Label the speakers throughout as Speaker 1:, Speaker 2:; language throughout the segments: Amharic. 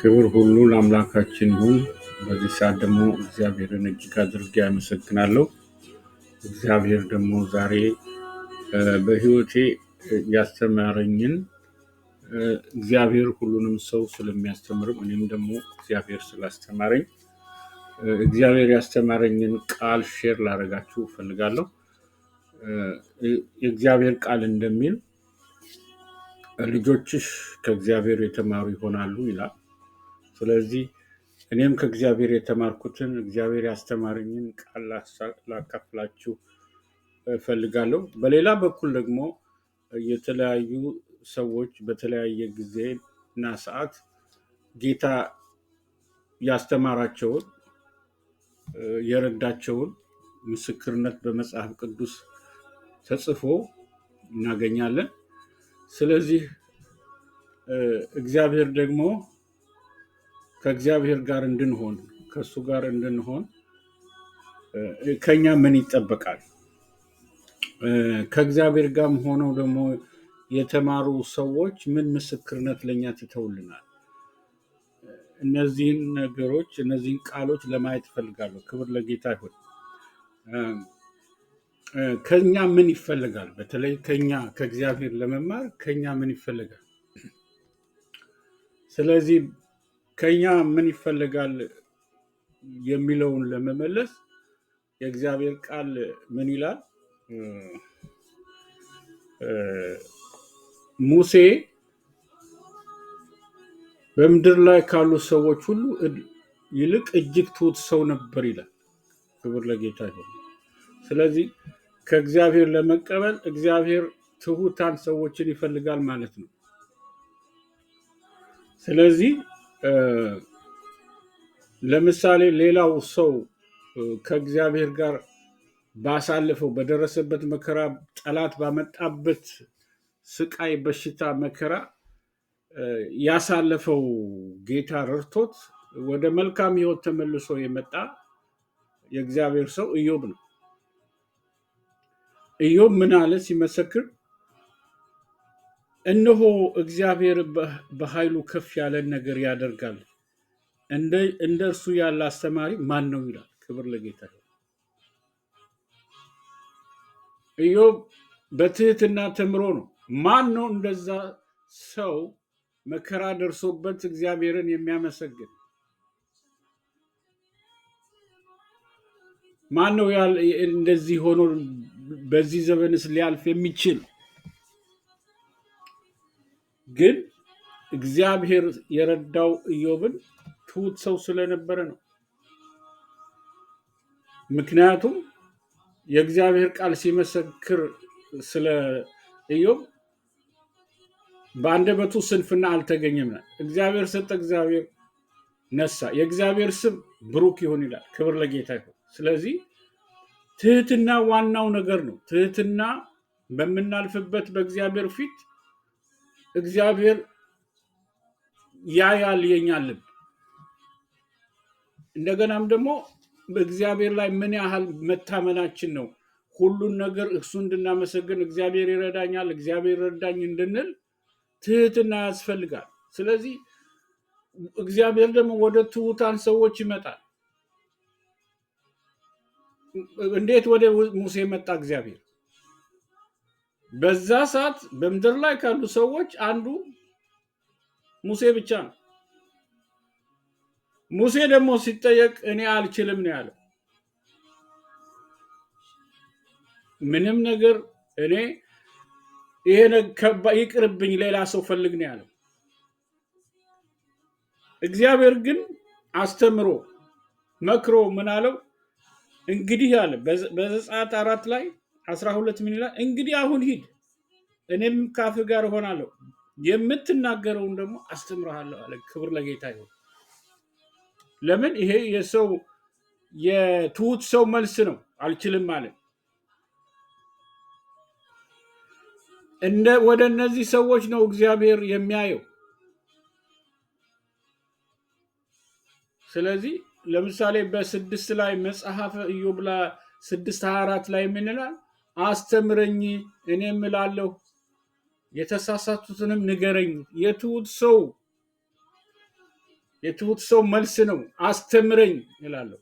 Speaker 1: ክብር ሁሉ ለአምላካችን ይሁን። በዚህ ሰዓት ደግሞ እግዚአብሔርን እጅግ አድርጌ አመሰግናለሁ። እግዚአብሔር ደግሞ ዛሬ በሕይወቴ ያስተማረኝን እግዚአብሔር ሁሉንም ሰው ስለሚያስተምርም እኔም ደግሞ እግዚአብሔር ስላስተማረኝ እግዚአብሔር ያስተማረኝን ቃል ሼር ላደርጋችሁ እፈልጋለሁ። የእግዚአብሔር ቃል እንደሚል ልጆችሽ ከእግዚአብሔር የተማሩ ይሆናሉ ይላል። ስለዚህ እኔም ከእግዚአብሔር የተማርኩትን እግዚአብሔር ያስተማረኝን ቃል ላካፍላችሁ እፈልጋለሁ። በሌላ በኩል ደግሞ የተለያዩ ሰዎች በተለያየ ጊዜ እና ሰዓት ጌታ ያስተማራቸውን የረዳቸውን ምስክርነት በመጽሐፍ ቅዱስ ተጽፎ እናገኛለን። ስለዚህ እግዚአብሔር ደግሞ ከእግዚአብሔር ጋር እንድንሆን ከእሱ ጋር እንድንሆን ከኛ ምን ይጠበቃል? ከእግዚአብሔር ጋርም ሆነው ደግሞ የተማሩ ሰዎች ምን ምስክርነት ለእኛ ትተውልናል? እነዚህን ነገሮች እነዚህን ቃሎች ለማየት እፈልጋለሁ። ክብር ለጌታ ይሁን። ከኛ ምን ይፈልጋል? በተለይ ከኛ ከእግዚአብሔር ለመማር ከኛ ምን ይፈልጋል? ስለዚህ ከኛ ምን ይፈልጋል የሚለውን ለመመለስ የእግዚአብሔር ቃል ምን ይላል? ሙሴ በምድር ላይ ካሉ ሰዎች ሁሉ ይልቅ እጅግ ትሑት ሰው ነበር ይላል። ክብር ለጌታ ይሁን። ስለዚህ ከእግዚአብሔር ለመቀበል እግዚአብሔር ትሑታን ሰዎችን ይፈልጋል ማለት ነው። ስለዚህ ለምሳሌ ሌላው ሰው ከእግዚአብሔር ጋር ባሳለፈው በደረሰበት መከራ፣ ጠላት ባመጣበት ስቃይ፣ በሽታ፣ መከራ ያሳለፈው ጌታ ረድቶት ወደ መልካም ሕይወት ተመልሶ የመጣ የእግዚአብሔር ሰው ኢዮብ ነው። ኢዮብ ምን አለ ሲመሰክር እነሆ እግዚአብሔር በኃይሉ ከፍ ያለን ነገር ያደርጋል፣ እንደ እርሱ ያለ አስተማሪ ማን ነው ይላል። ክብር ለጌታ። ኢዮብ በትህትና ተምሮ ነው። ማን ነው እንደዛ ሰው መከራ ደርሶበት እግዚአብሔርን የሚያመሰግን? ማን ነው እንደዚህ ሆኖ በዚህ ዘመንስ ሊያልፍ የሚችል? ግን እግዚአብሔር የረዳው ኢዮብን ትሑት ሰው ስለነበረ ነው። ምክንያቱም የእግዚአብሔር ቃል ሲመሰክር ስለ ኢዮብ በአንደበቱ ስንፍና አልተገኘም። እግዚአብሔር ሰጠ፣ እግዚአብሔር ነሳ፣ የእግዚአብሔር ስም ብሩክ ይሁን ይላል። ክብር ለጌታ ይሁን። ስለዚህ ትህትና ዋናው ነገር ነው። ትህትና በምናልፍበት በእግዚአብሔር ፊት እግዚአብሔር ያያል የኛ ልብ። እንደገናም ደግሞ በእግዚአብሔር ላይ ምን ያህል መታመናችን ነው። ሁሉን ነገር እሱ እንድናመሰግን እግዚአብሔር ይረዳኛል፣ እግዚአብሔር ረዳኝ እንድንል ትህትና ያስፈልጋል። ስለዚህ እግዚአብሔር ደግሞ ወደ ትሑታን ሰዎች ይመጣል። እንዴት ወደ ሙሴ መጣ እግዚአብሔር? በዛ ሰዓት በምድር ላይ ካሉ ሰዎች አንዱ ሙሴ ብቻ ነው። ሙሴ ደግሞ ሲጠየቅ እኔ አልችልም ነው ያለው። ምንም ነገር እኔ ይሄ ይቅርብኝ፣ ሌላ ሰው ፈልግ ነው ያለው። እግዚአብሔር ግን አስተምሮ መክሮ ምን አለው? እንግዲህ አለ በዘጸአት አራት ላይ አስራ ሁለት ምን ይላል? እንግዲህ አሁን ሂድ እኔም ካፍ ጋር እሆናለሁ የምትናገረውን ደግሞ አስተምርሃለሁ አለ። ክብር ለጌታ ይሁን። ለምን ይሄ የሰው የትሁት ሰው መልስ ነው። አልችልም አለ። ወደ እነዚህ ሰዎች ነው እግዚአብሔር የሚያየው። ስለዚህ ለምሳሌ በስድስት ላይ መጽሐፈ ኢዮብ ስድስት ሀያ አራት ላይ ምን ይላል? አስተምረኝ፣ እኔም እላለሁ የተሳሳቱትንም ንገረኝ። የትውት ሰው የትሑት ሰው መልስ ነው። አስተምረኝ እላለሁ፣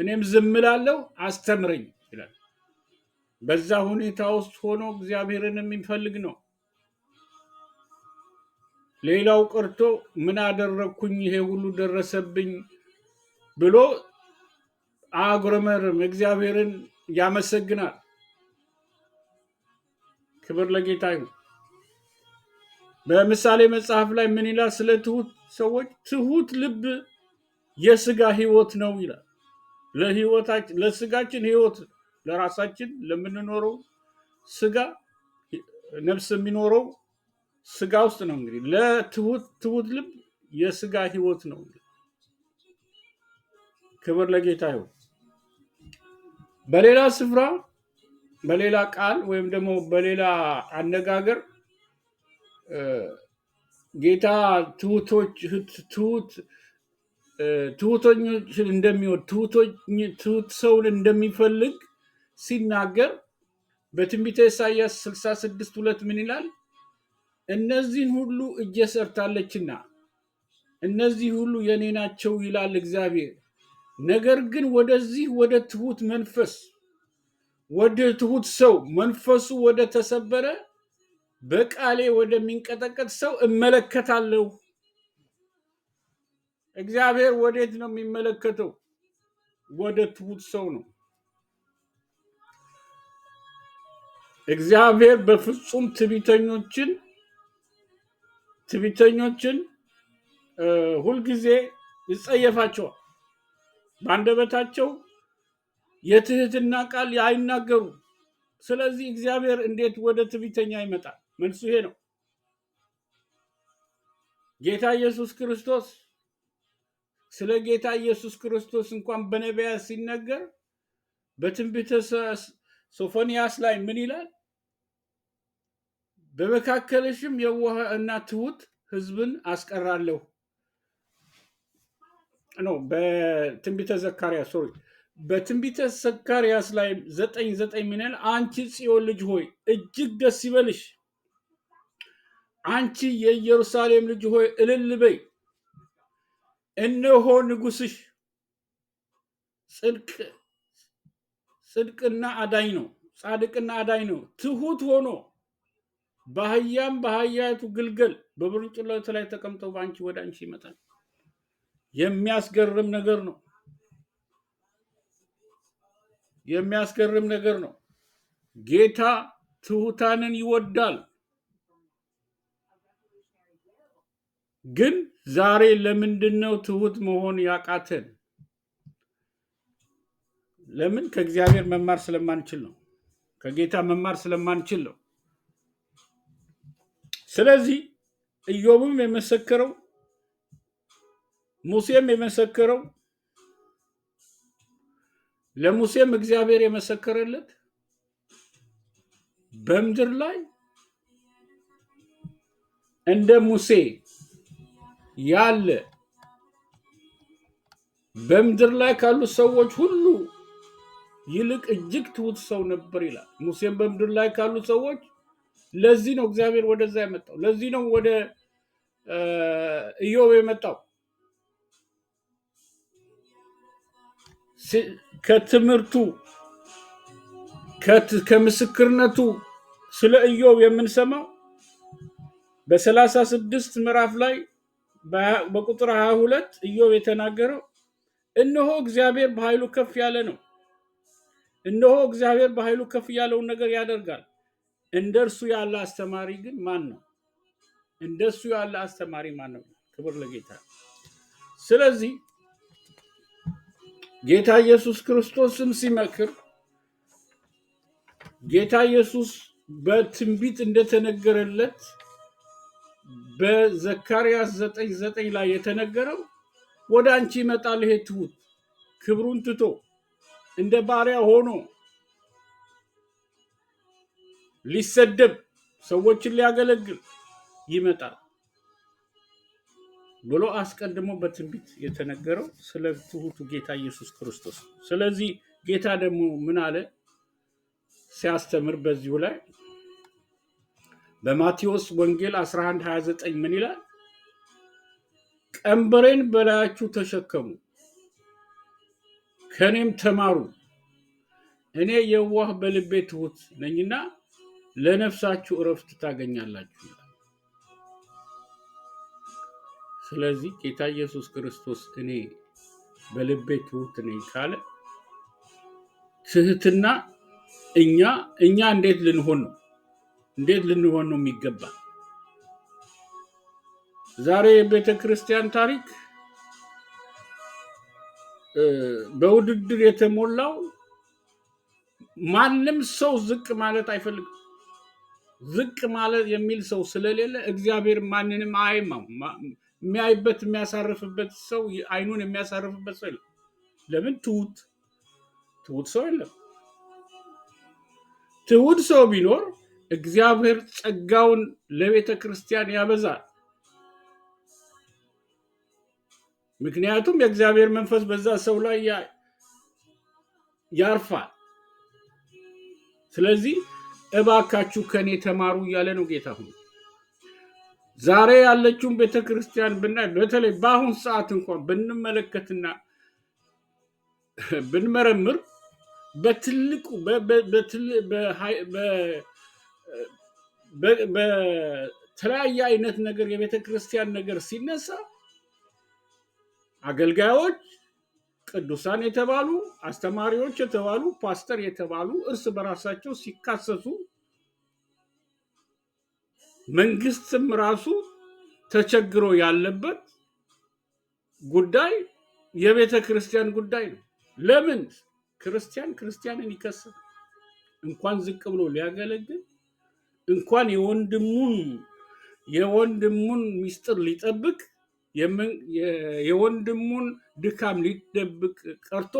Speaker 1: እኔም ዝም እላለሁ፣ አስተምረኝ ይላል። በዛ ሁኔታ ውስጥ ሆኖ እግዚአብሔርን የሚፈልግ ነው። ሌላው ቀርቶ ምን አደረግኩኝ ይሄ ሁሉ ደረሰብኝ ብሎ አጉረመርም እግዚአብሔርን ያመሰግናል። ክብር ለጌታ ይሁን። በምሳሌ መጽሐፍ ላይ ምን ይላል? ስለ ትሁት ሰዎች ትሁት ልብ የስጋ ህይወት ነው ይላል። ለህይወታችን ለስጋችን ህይወት ለራሳችን ለምንኖረው ስጋ ነፍስ የሚኖረው ስጋ ውስጥ ነው። እንግዲህ ለትሁት ትሁት ልብ የስጋ ህይወት ነው። ክብር ለጌታ ይሁን። በሌላ ስፍራ በሌላ ቃል ወይም ደግሞ በሌላ አነጋገር ጌታ ትሑቶች እንደሚወድ ትሑት ሰውን እንደሚፈልግ ሲናገር በትንቢተ ኢሳያስ 66 ሁለት ምን ይላል? እነዚህን ሁሉ እጄ ሰርታለችና እነዚህ ሁሉ የኔ ናቸው ይላል እግዚአብሔር። ነገር ግን ወደዚህ ወደ ትሁት መንፈስ ወደ ትሁት ሰው መንፈሱ ወደ ተሰበረ በቃሌ ወደሚንቀጠቀጥ ሰው እመለከታለሁ። እግዚአብሔር ወዴት ነው የሚመለከተው? ወደ ትሁት ሰው ነው። እግዚአብሔር በፍጹም ትቢተኞችን ትቢተኞችን ሁልጊዜ ይጸየፋቸዋል። በአንደበታቸው የትህትና ቃል አይናገሩም። ስለዚህ እግዚአብሔር እንዴት ወደ ትዕቢተኛ ይመጣል? መልሱ ይሄ ነው። ጌታ ኢየሱስ ክርስቶስ ስለ ጌታ ኢየሱስ ክርስቶስ እንኳን በነቢያት ሲነገር በትንቢተ ሶፎንያስ ላይ ምን ይላል? በመካከልሽም የዋህ እና ትሑት ህዝብን አስቀራለሁ ነው። በትንቢተ ዘካርያስ ሶሪ በትንቢተ ዘካርያስ ላይ ዘጠኝ ዘጠኝ ምን ይላል? አንቺ ጽዮን ልጅ ሆይ እጅግ ደስ ይበልሽ፣ አንቺ የኢየሩሳሌም ልጅ ሆይ እልል በይ። እነሆ ንጉስሽ ጽድቅ ጽድቅና አዳኝ ነው፣ ጻድቅና አዳኝ ነው፣ ትሑት ሆኖ በአህያም በአህያይቱ ግልገል በብርጭላቱ ላይ ተቀምጦ በአንቺ ወደ አንቺ ይመጣል። የሚያስገርም ነገር ነው። የሚያስገርም ነገር ነው። ጌታ ትሑታንን ይወዳል። ግን ዛሬ ለምንድን ነው ትሑት መሆን ያቃተን? ለምን? ከእግዚአብሔር መማር ስለማንችል ነው። ከጌታ መማር ስለማንችል ነው። ስለዚህ ኢዮብም የመሰከረው ሙሴም የመሰከረው ለሙሴም እግዚአብሔር የመሰከረለት በምድር ላይ እንደ ሙሴ ያለ በምድር ላይ ካሉ ሰዎች ሁሉ ይልቅ እጅግ ትሑት ሰው ነበር ይላል። ሙሴም በምድር ላይ ካሉ ሰዎች ለዚህ ነው እግዚአብሔር ወደዛ የመጣው። ለዚህ ነው ወደ ኢዮብ የመጣው። ከትምህርቱ ከምስክርነቱ ስለ ኢዮብ የምንሰማው በሰላሳ ስድስት ምዕራፍ ላይ በቁጥር 22 ኢዮብ የተናገረው እነሆ እግዚአብሔር በኃይሉ ከፍ ያለ ነው። እነሆ እግዚአብሔር በኃይሉ ከፍ ያለውን ነገር ያደርጋል። እንደ እርሱ ያለ አስተማሪ ግን ማን ነው? እሱ ያለ አስተማሪ ማን ነው? ክብር ለጌታ። ስለዚህ ጌታ ኢየሱስ ክርስቶስም ሲመክር ጌታ ኢየሱስ በትንቢት እንደተነገረለት በዘካርያስ ዘጠኝ ዘጠኝ ላይ የተነገረው ወደ አንቺ ይመጣል ይሄ ክብሩን ትቶ እንደ ባሪያ ሆኖ ሊሰደብ ሰዎችን ሊያገለግል ይመጣል። ብሎ አስቀድሞ በትንቢት የተነገረው ስለ ትሁቱ ጌታ ኢየሱስ ክርስቶስ። ስለዚህ ጌታ ደግሞ ምን አለ ሲያስተምር በዚሁ ላይ በማቴዎስ ወንጌል 1129 ምን ይላል? ቀንበሬን በላያችሁ ተሸከሙ፣ ከእኔም ተማሩ፣ እኔ የዋህ በልቤ ትሁት ነኝና ለነፍሳችሁ እረፍት ታገኛላችሁ። ስለዚህ ጌታ ኢየሱስ ክርስቶስ እኔ በልቤ ትሁት ነኝ ካለ ትህትና እኛ እኛ እንዴት ልንሆን ነው? እንዴት ልንሆን ነው የሚገባ? ዛሬ የቤተ ክርስቲያን ታሪክ በውድድር የተሞላው ማንም ሰው ዝቅ ማለት አይፈልግም። ዝቅ ማለት የሚል ሰው ስለሌለ እግዚአብሔር ማንንም አይማም። የሚያይበት የሚያሳርፍበት ሰው አይኑን የሚያሳርፍበት ሰው የለም። ለምን? ትሁት ትሁት ሰው የለም። ትሁት ሰው ቢኖር እግዚአብሔር ጸጋውን ለቤተ ክርስቲያን ያበዛል። ምክንያቱም የእግዚአብሔር መንፈስ በዛ ሰው ላይ ያርፋል። ስለዚህ እባካችሁ ከኔ ተማሩ እያለ ነው ጌታ ሁኑ። ዛሬ ያለችውን ቤተ ክርስቲያን ብናይ በተለይ በአሁን ሰዓት እንኳን ብንመለከትና ብንመረምር በትልቁ በተለያየ አይነት ነገር የቤተ ክርስቲያን ነገር ሲነሳ አገልጋዮች ቅዱሳን የተባሉ አስተማሪዎች የተባሉ ፓስተር የተባሉ እርስ በራሳቸው ሲካሰሱ መንግስትም ራሱ ተቸግሮ ያለበት ጉዳይ የቤተ ክርስቲያን ጉዳይ ነው። ለምን ክርስቲያን ክርስቲያንን ይከሳል? እንኳን ዝቅ ብሎ ሊያገለግል እንኳን የወንድሙን የወንድሙን ምስጢር ሊጠብቅ የወንድሙን ድካም ሊደብቅ ቀርቶ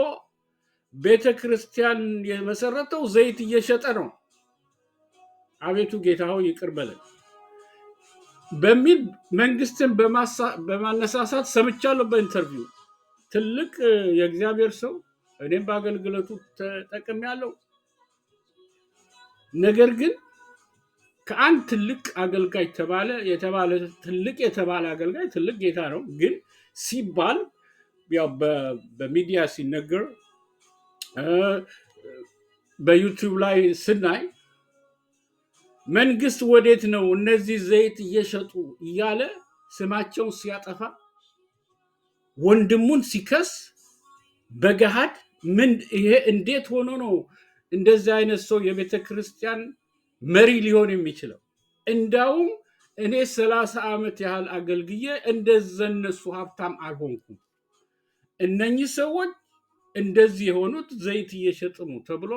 Speaker 1: ቤተ ክርስቲያን የመሰረተው ዘይት እየሸጠ ነው። አቤቱ ጌታ ሆይ ይቅር በለን። በሚል መንግስትን በማነሳሳት ሰምቻለሁ። በኢንተርቪው ትልቅ የእግዚአብሔር ሰው እኔም በአገልግሎቱ ተጠቅሜያለሁ። ነገር ግን ከአንድ ትልቅ አገልጋይ ተባለ የተባለ ትልቅ የተባለ አገልጋይ ትልቅ ጌታ ነው። ግን ሲባል ያው በሚዲያ ሲነገር በዩቲዩብ ላይ ስናይ መንግስት ወዴት ነው እነዚህ ዘይት እየሸጡ እያለ ስማቸውን ሲያጠፋ ወንድሙን ሲከስ በገሃድ ምን ይሄ እንዴት ሆኖ ነው እንደዚህ አይነት ሰው የቤተ ክርስቲያን መሪ ሊሆን የሚችለው? እንዳውም እኔ ሰላሳ ዓመት ያህል አገልግዬ እንደዘነሱ ሀብታም አልሆንኩም። እነኚህ ሰዎች እንደዚህ የሆኑት ዘይት እየሸጥሙ ተብሎ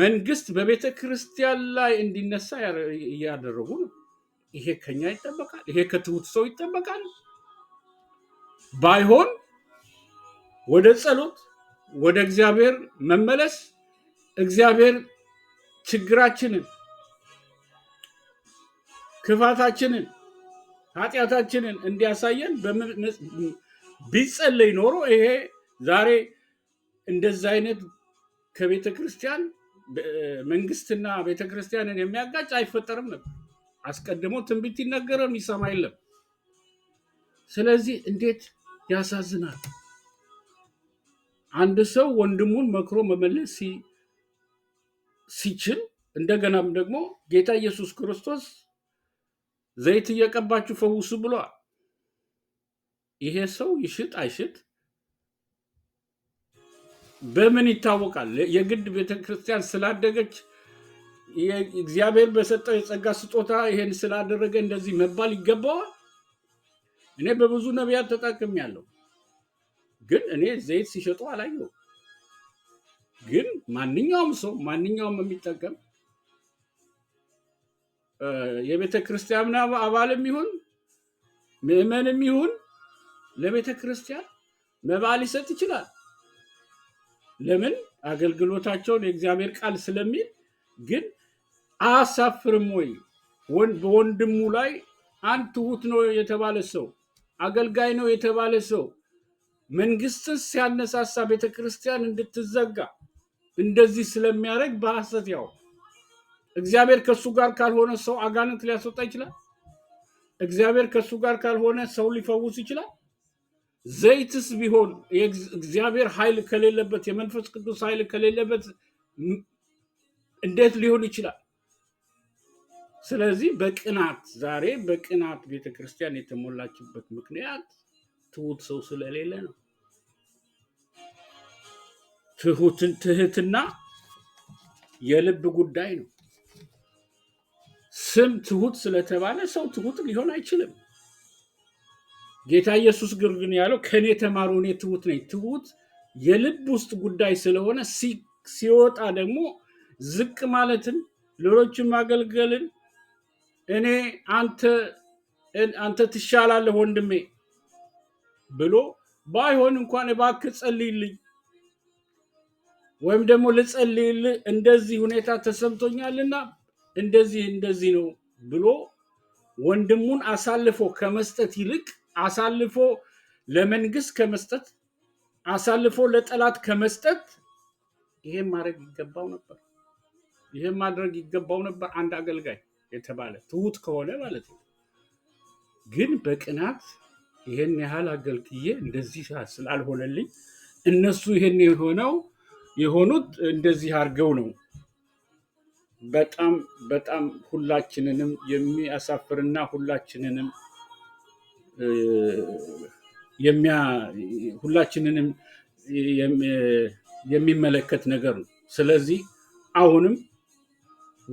Speaker 1: መንግስት በቤተ ክርስቲያን ላይ እንዲነሳ እያደረጉ ነው። ይሄ ከኛ ይጠበቃል። ይሄ ከትሁት ሰው ይጠበቃል። ባይሆን ወደ ጸሎት ወደ እግዚአብሔር መመለስ፣ እግዚአብሔር ችግራችንን፣ ክፋታችንን፣ ኃጢአታችንን እንዲያሳየን ቢጸለይ ኖሮ ይሄ ዛሬ እንደዛ አይነት ከቤተ ክርስቲያን መንግስትና ቤተክርስቲያንን የሚያጋጭ አይፈጠርም ነበር። አስቀድሞ ትንቢት ይነገረው የሚሰማ የለም። ስለዚህ እንዴት ያሳዝናል! አንድ ሰው ወንድሙን መክሮ መመለስ ሲችል እንደገናም ደግሞ ጌታ ኢየሱስ ክርስቶስ ዘይት እየቀባችሁ ፈውሱ ብሏል። ይሄ ሰው ይሽጥ አይሽጥ በምን ይታወቃል? የግድ ቤተክርስቲያን ስላደገች እግዚአብሔር በሰጠው የጸጋ ስጦታ ይሄን ስላደረገ እንደዚህ መባል ይገባዋል? እኔ በብዙ ነቢያት ተጠቅሜያለሁ፣ ግን እኔ ዘይት ሲሸጡ አላየሁም። ግን ማንኛውም ሰው ማንኛውም የሚጠቀም የቤተ ክርስቲያን አባልም ይሁን ምዕመንም ይሁን ለቤተ ክርስቲያን መባል ሊሰጥ ይችላል። ለምን አገልግሎታቸውን የእግዚአብሔር ቃል ስለሚል። ግን አያሳፍርም ወይ በወንድሙ ላይ አንድ ትሁት ነው የተባለ ሰው አገልጋይ ነው የተባለ ሰው መንግስትን ሲያነሳሳ ቤተክርስቲያን እንድትዘጋ እንደዚህ ስለሚያደርግ በሐሰት ያው እግዚአብሔር ከእሱ ጋር ካልሆነ ሰው አጋንንት ሊያስወጣ ይችላል። እግዚአብሔር ከእሱ ጋር ካልሆነ ሰው ሊፈውስ ይችላል። ዘይትስ ቢሆን እግዚአብሔር ኃይል ከሌለበት የመንፈስ ቅዱስ ኃይል ከሌለበት እንዴት ሊሆን ይችላል? ስለዚህ በቅናት ዛሬ በቅናት ቤተክርስቲያን የተሞላችበት ምክንያት ትሁት ሰው ስለሌለ ነው። ትሁትን ትህትና የልብ ጉዳይ ነው። ስም ትሁት ስለተባለ ሰው ትሁት ሊሆን አይችልም። ጌታ ኢየሱስ ግን ያለው ከእኔ ተማሩ፣ እኔ ትሁት ነኝ። ትሁት የልብ ውስጥ ጉዳይ ስለሆነ ሲወጣ ደግሞ ዝቅ ማለትን፣ ሌሎችን ማገልገልን እኔ አንተ ትሻላለህ ወንድሜ ብሎ ባይሆን እንኳን እባክህ ጸልይልኝ ወይም ደግሞ ልጸልይልህ እንደዚህ ሁኔታ ተሰምቶኛልና እንደዚህ እንደዚህ ነው ብሎ ወንድሙን አሳልፎ ከመስጠት ይልቅ አሳልፎ ለመንግስት ከመስጠት አሳልፎ ለጠላት ከመስጠት ይሄን ማድረግ ይገባው ነበር። ይሄን ማድረግ ይገባው ነበር። አንድ አገልጋይ የተባለ ትሁት ከሆነ ማለት ነው። ግን በቅናት ይሄን ያህል አገልግዬ እንደዚህ ስላልሆነልኝ እነሱ ይሄን የሆነው የሆኑት እንደዚህ አድርገው ነው። በጣም በጣም ሁላችንንም የሚያሳፍርና ሁላችንንም ሁላችንንም የሚመለከት ነገር ነው። ስለዚህ አሁንም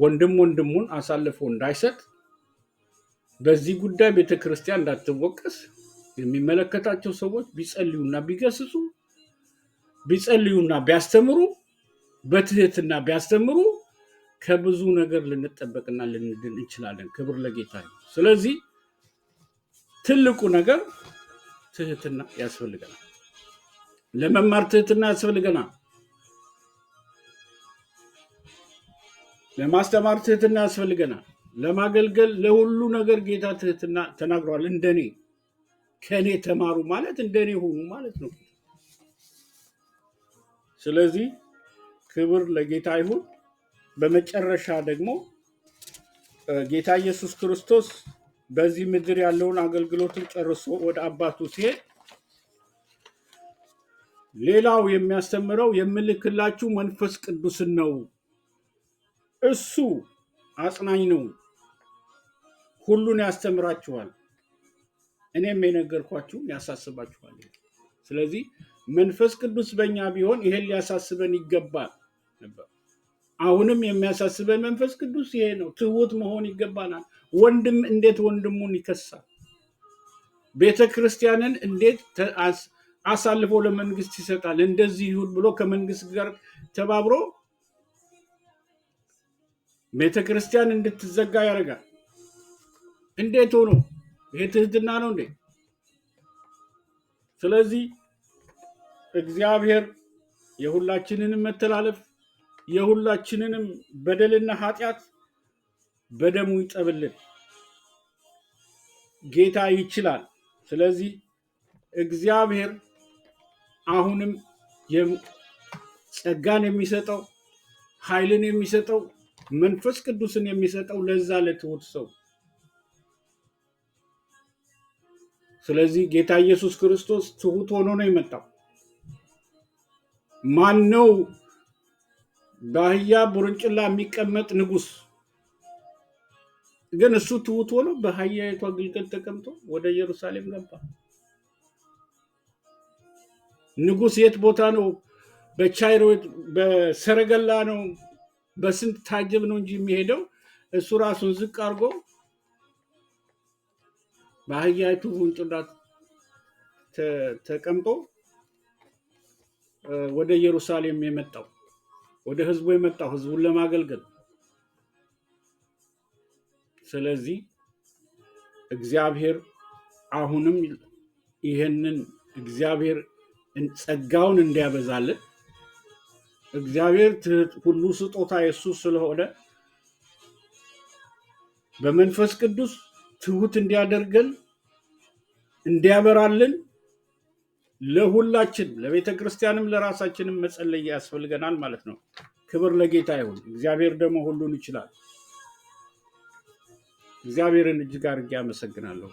Speaker 1: ወንድም ወንድሙን አሳልፎ እንዳይሰጥ በዚህ ጉዳይ ቤተክርስቲያን እንዳትወቀስ የሚመለከታቸው ሰዎች ቢጸልዩና ቢገስጹ ቢጸልዩና ቢያስተምሩ በትህትና ቢያስተምሩ ከብዙ ነገር ልንጠበቅና ልንድን እንችላለን። ክብር ለጌታ። ስለዚህ ትልቁ ነገር ትህትና ያስፈልገናል። ለመማር ትህትና ያስፈልገናል። ለማስተማር ትህትና ያስፈልገናል። ለማገልገል ለሁሉ ነገር ጌታ ትህትና ተናግሯል። እንደኔ ከእኔ ተማሩ ማለት እንደኔ ሆኑ ማለት ነው። ስለዚህ ክብር ለጌታ ይሁን። በመጨረሻ ደግሞ ጌታ ኢየሱስ ክርስቶስ በዚህ ምድር ያለውን አገልግሎትን ጨርሶ ወደ አባቱ ሲሄድ ሌላው የሚያስተምረው የምልክላችሁ መንፈስ ቅዱስን ነው። እሱ አጽናኝ ነው፣ ሁሉን ያስተምራችኋል፣ እኔም የነገርኳችሁን ያሳስባችኋል። ስለዚህ መንፈስ ቅዱስ በእኛ ቢሆን ይሄን ሊያሳስበን ይገባል ነበር። አሁንም የሚያሳስበን መንፈስ ቅዱስ ይሄ ነው። ትሁት መሆን ይገባናል። ወንድም እንዴት ወንድሙን ይከሳል? ቤተ ክርስቲያንን እንዴት አሳልፎ ለመንግስት ይሰጣል? እንደዚህ ይሁን ብሎ ከመንግስት ጋር ተባብሮ ቤተ ክርስቲያን እንድትዘጋ ያደርጋል። እንዴት ሆኖ ይሄ ትህትና ነው እንዴ? ስለዚህ እግዚአብሔር የሁላችንንም መተላለፍ የሁላችንንም በደልና ኃጢአት በደሙ ይጠብልን። ጌታ ይችላል። ስለዚህ እግዚአብሔር አሁንም ጸጋን የሚሰጠው ኃይልን የሚሰጠው መንፈስ ቅዱስን የሚሰጠው ለዛ ለትሁት ሰው። ስለዚህ ጌታ ኢየሱስ ክርስቶስ ትሑት ሆኖ ነው የመጣው። ማን ነው በአህያ ቡርንጭላ የሚቀመጥ ንጉስ ግን እሱ ትውት ሆኖ በአህያይቱ ግልገል ተቀምጦ ወደ ኢየሩሳሌም ገባ። ንጉስ የት ቦታ ነው? በቻይሮ በሰረገላ ነው፣ በስንት ታጀብ ነው እንጂ የሚሄደው። እሱ ራሱን ዝቅ አድርጎ በአህያይቱ ቦርንጭላ ተቀምጦ ወደ ኢየሩሳሌም የመጣው ወደ ህዝቡ የመጣው ህዝቡን ለማገልገል። ስለዚህ እግዚአብሔር አሁንም ይህንን እግዚአብሔር ጸጋውን እንዲያበዛልን እግዚአብሔር ሁሉ ስጦታ የሱ ስለሆነ በመንፈስ ቅዱስ ትሁት እንዲያደርገን እንዲያበራልን ለሁላችን ለቤተ ክርስቲያንም ለራሳችንም መጸለይ ያስፈልገናል ማለት ነው። ክብር ለጌታ ይሁን። እግዚአብሔር ደግሞ ሁሉን ይችላል። እግዚአብሔርን እጅግ አድርጌ አመሰግናለሁ።